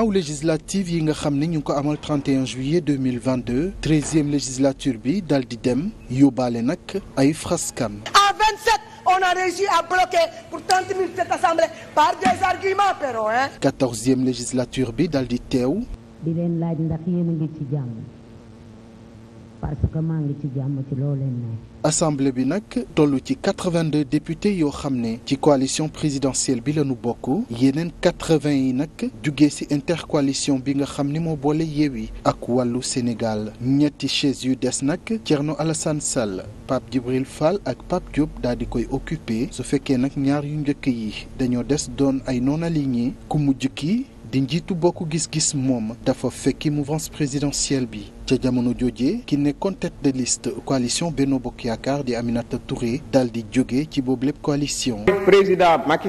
aw législative yi nga xam ne ñu ngi ko amal 31 juillet 2022 treizième législature bi dal di dem yóbbaale nag ay fraskan à 27 on a réussi à bloquer pour 30 minutes cette assemblée par des arguments pero hein. quatorzième législature bi dal di teew. parce que maa bi nag toll ci quatre-vingt-deux députés yoo xam ne ci coalition présidentielle bi lañu bokk yeneen quatre-vingts yi nag jugee ci intercoalition bi nga xam ni moo boole Yewwi ak wàllu Sénégal ñetti chaise yu des nag Thierno Alassane Sall Pape Djibril Fall ak Pape Diop daal di koy occupé su fekkee nag ñaar yu njëkk yi dañoo des doon ay non alignés ku mujj ki di njiitu bokk gis-gis moom dafa fekki mouvance présidentielle bi ca jamono jooje ki ne tête de liste coalition Benno Bokk Yaakaar di Aminata Touré dal di jóge ci boobu lépp coalition. président Macky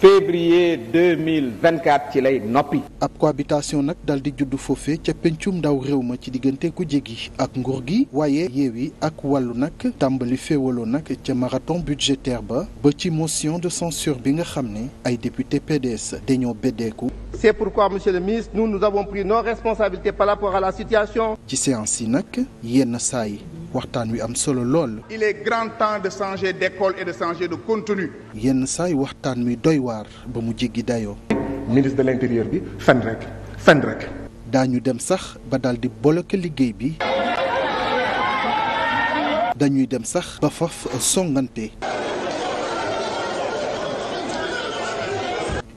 février 2024 ci lay noppi. ab cohabitation nag dal di judd foofe ca pencum ndaw réew ma ci diggante ku gi ak nguur gi waaye Yewwi ak wàllu nag tàmbali féewaloo nag ca marathon budgétaire ba ba ci motion de censure bi nga xam ne ay député PDS dañoo beddeeku. c'est pourquoi monsieur le ministre nous nous avons pris nos responsabilités par rapport à la situation. ci séance yi nag yenn saa yi waxtaan wi am solo lool. il est grand temps de changer d'école et de changer de contenu. yenn saay waxtaan wi doy waar ba mu jéggi dayoo. ministre de l'intérieur bi fen rek fen rek. daañu dem sax ba daal di bloquer liggéey bi. dañuy dem sax ba faf songante.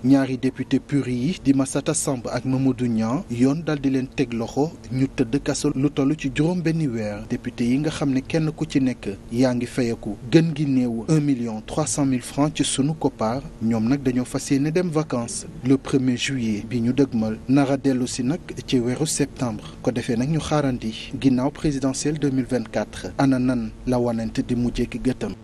ñaari député puri yi di ma Massata Samb ak Mamadou Niang yoon dal di leen teg loxo ñu tëdd kaso lu toll ci juróom benn weer député yi nga xam ne kenn ku ci nekk yaa ngi fayeku gën gi néew un million trois cent mille francs ci sunu koppaar ñoom nag dañoo fas ne dem vacances le premier juillet bi ñu dëgmal nara dellu si nag ci weeru septembre ko defee nag ñu xaarandi ginnaaw présidentielle 2024 ana nan la wanante di mujjee ki gëtam